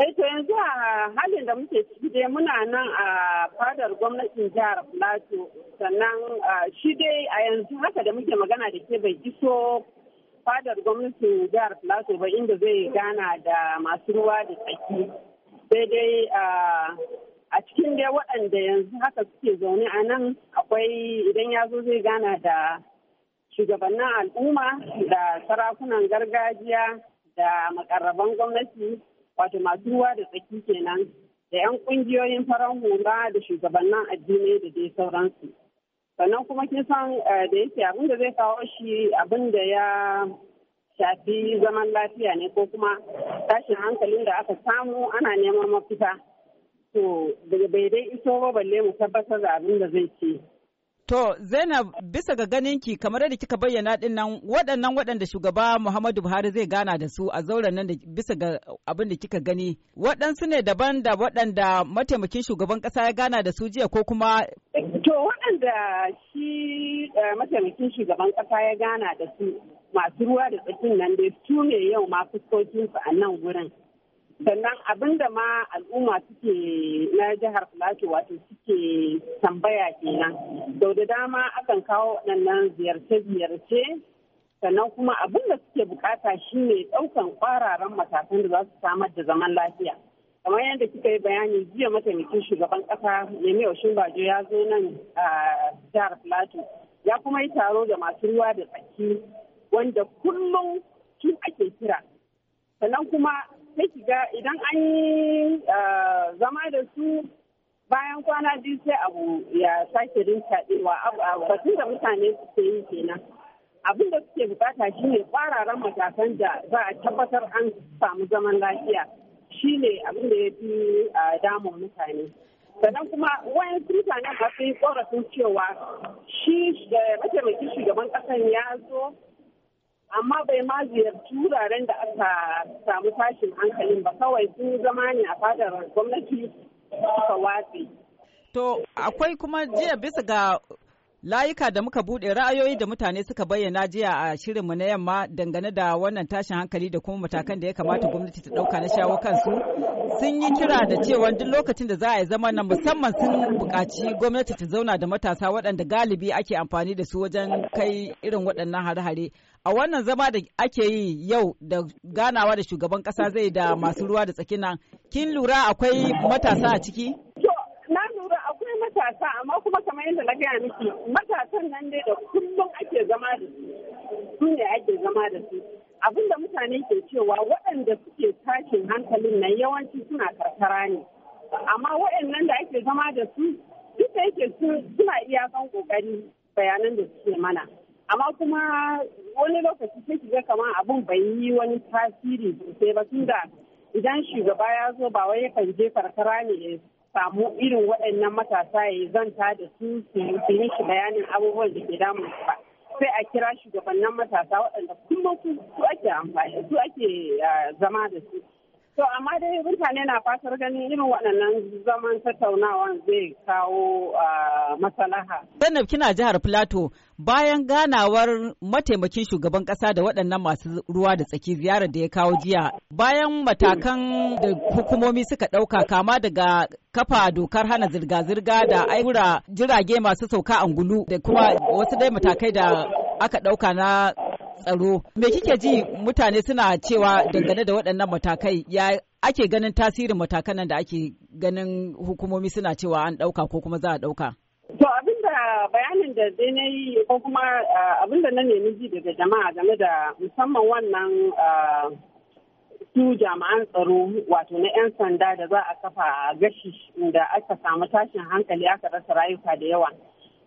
sai eh, to yanzu a halin da muke ciki dai muna nan a fadar gwamnatin jihar Plateau sannan shi dai a yanzu haka da muke magana da ke bai iso fadar gwamnatin jihar Plateau ba inda zai gana da masu ruwa da tsaki sai dai a cikin dai waɗanda yanzu haka suke zaune a nan akwai idan ya zo zai gana da shugabannin al'umma da sarakunan gargajiya da makarraban gwamnati wato masu ruwa da tsaki kenan da 'yan kungiyoyin farar hula da shugabannin addinai da dai sauransu sannan kuma kin san eh, da yake abin da zai kawo shi abin da ya shafi zaman lafiya ne ko kuma tashin hankalin da aka samu ana neman mafita to daga bai dai iso ba balle mu tabbatar da abin da zai ce To Zainab bisa ga ganinki kamar yadda kika bayyana din nan waɗannan waɗanda shugaba Muhammadu Buhari zai gana da su a zauren nan bisa ga abin da kika gani waɗansu ne daban da waɗanda mataimakin shugaban ƙasa ya gana da su jiya ko kuma To waɗanda shi eh, mataimakin shugaban ƙasa ya gana da su masu ruwa da tsakin nan da su ne yau ma fuskokinsu a nan wurin. sannan abin da ma al'umma suke na jihar plateau wato suke tambaya kenan sau da dama akan kawo waɗannan ziyarce-ziyarce sannan kuma abin da suke bukata ne ɗaukan kwararan matakan da za su samar da zaman lafiya kamar yadda kika yi bayani jiya mataimakin shugaban ƙasa washin bajo ya zo nan a jihar plateau ya kuma yi taro da masu ruwa da tsaki wanda kullum su ake kira sannan kuma sai ki ga idan an yi eh, zama da su bayan kwana biyu sai abu ya sake rintaɗewa batun da mutane ke yi kenan abin da suke bukata shine kwararan matakan da za a tabbatar an samu zaman lafiya shine abin da ya fi eh, damun mutane sannan kuma wayan mutane masu yi korafin cewa shi eh, mataimakin shugaban kasan ya zo amma bai ma ziyarci wuraren da aka samu tashin hankalin ba kawai sun zama ne a fadar gwamnati suka watse. To akwai kuma jiya bisa ga Layuka da muka buɗe ra'ayoyi da mutane suka bayyana jiya a shirinmu na yamma dangane da wannan tashin hankali da kuma matakan da ya kamata gwamnati ta ɗauka na shawo kansu sun yi kira da cewa duk lokacin da za a yi zama na musamman sun buƙaci gwamnati ta zauna da matasa waɗanda galibi ake amfani da su wajen kai irin waɗannan hare-hare. A wannan zama da ake yi yau da ganawa da shugaban ƙasa zai da masu ruwa da tsakina kin lura akwai matasa a ciki? matasa amma kuma kamar yadda na gaya miki matasan nan dai da kullum ake zama da su ne ake zama da su abin da mutane ke cewa waɗanda suke tashin hankalin nan yawanci suna karkara ne amma waɗannan da ake zama da su duk da yake suna iyakan kokari bayanan da suke mana amma kuma wani lokaci sai kiga kamar abin bai yi wani tasiri sosai ba tunda idan shugaba ya zo ba wai kan je karkara ne samu irin waɗannan matasa ya zanta da su su yi shi bayanin abubuwan da ke damun su ba sai a kira shugabannin matasa waɗanda kuma su ake amfani su ake eh, zama da su To amma dai mutane na fatar ganin irin waɗannan zaman tattaunawa zai kawo maslaha. Zainab kina jihar Filato bayan ganawar mataimakin shugaban ƙasa da waɗannan masu ruwa da tsaki ziyarar da ya kawo jiya bayan matakan da hukumomi suka ɗauka kama daga kafa dokar hana zirga-zirga da aihura jirage masu sauka angulu da kuma wasu dai matakai da aka ɗauka na tsaro me kike ji mutane suna cewa dangane da waɗannan matakai ya ake ganin tasirin matakan nan da ake ganin hukumomi suna cewa an ɗauka ko kuma za a ɗauka to abin da bayanin da dai na yi ko kuma ah, abin da na nemi ji daga jama'a game da musamman wannan ah, su jama'an tsaro wato na 'yan sanda da za a kafa gashi da aka samu tashin hankali aka rasa rayuka da yawa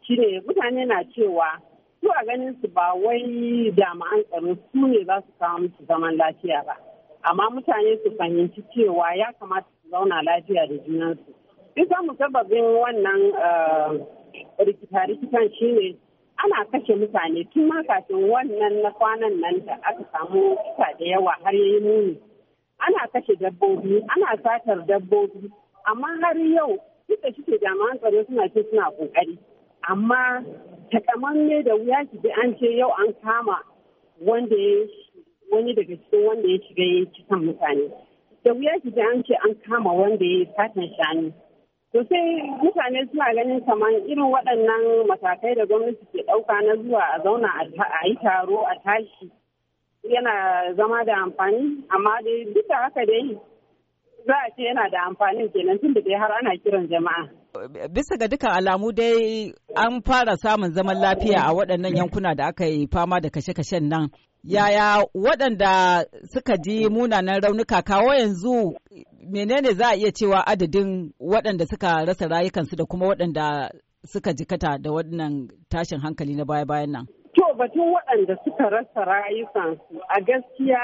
shine mutane na cewa su a ganin su ba wai jami'an tsaro su ne za su kawo musu zaman lafiya ba amma mutane su fahimci cewa ya kamata su zauna lafiya da junansu duk samu sababin wannan eh, rikita-rikitan shine ana kashe mutane tun ma kafin wannan na kwanan nan da aka samu kisa da yawa har yi muni ana kashe dabbobi ana satar dabbobi amma har yau duk da ke jami'an tsaro suna ce suna kokari amma takamamme da wuya ki ji an ce yau an kama wanda ya wani daga cikin wanda ya shiga ya ci kan mutane da wuya ki ji an ce an kama wanda ya fatan shani to sai mutane suna ganin kamar irin waɗannan matakai da gwamnati ke ɗauka na zuwa a zauna a yi taro a tashi yana zama da amfani amma dai duka haka dai za a ce yana da amfanin kenan tun da dai har ana kiran jama'a. Bisa ga dukkan alamu dai an fara samun zaman lafiya a waɗannan yankuna da aka yi fama da kashe-kashen nan. Yaya waɗanda suka ji munanan raunuka kawo yanzu menene za a iya cewa adadin waɗanda suka rasa rayukansu da kuma waɗanda suka jikata da wannan tashin hankali na baya-bayan nan? To batun waɗanda suka rasa rayukansu a gaskiya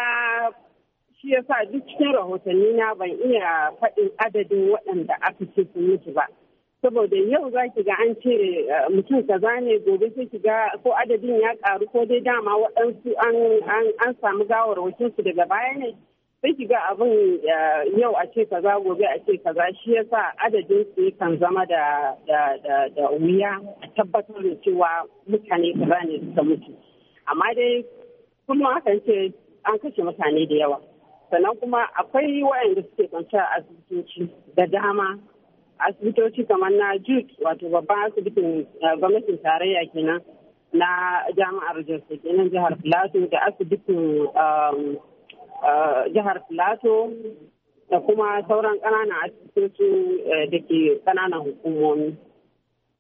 shi yasa duk cikin rahotanni na ban iya faɗin adadin waɗanda aka ce sun mutu ba saboda yau za ki ga an ce eh, mutum kaza ne gobe sai ki ga ko adadin ya karu ko dai dama waɗansu an samu gawar su daga baya ne sai ki ga abin eh, yau a ce kaza gobe a ce kaza shi yasa adadin su kan zama da wuya a tabbatar da cewa mutane kaza ne suka mutu amma dai kuma akan ce an kashe mutane da yawa sannan kuma akwai waɗanda suke kwanciya a asibitoci da dama asibitoci kamar na jude wato babban asibitin eh, gwamnatin tarayya kenan na jami'ar jos kenan jihar plateau da asibitin um, eh, jihar plateau da kuma sauran ƙananan asibitoci eh, da ke ƙananan hukumomi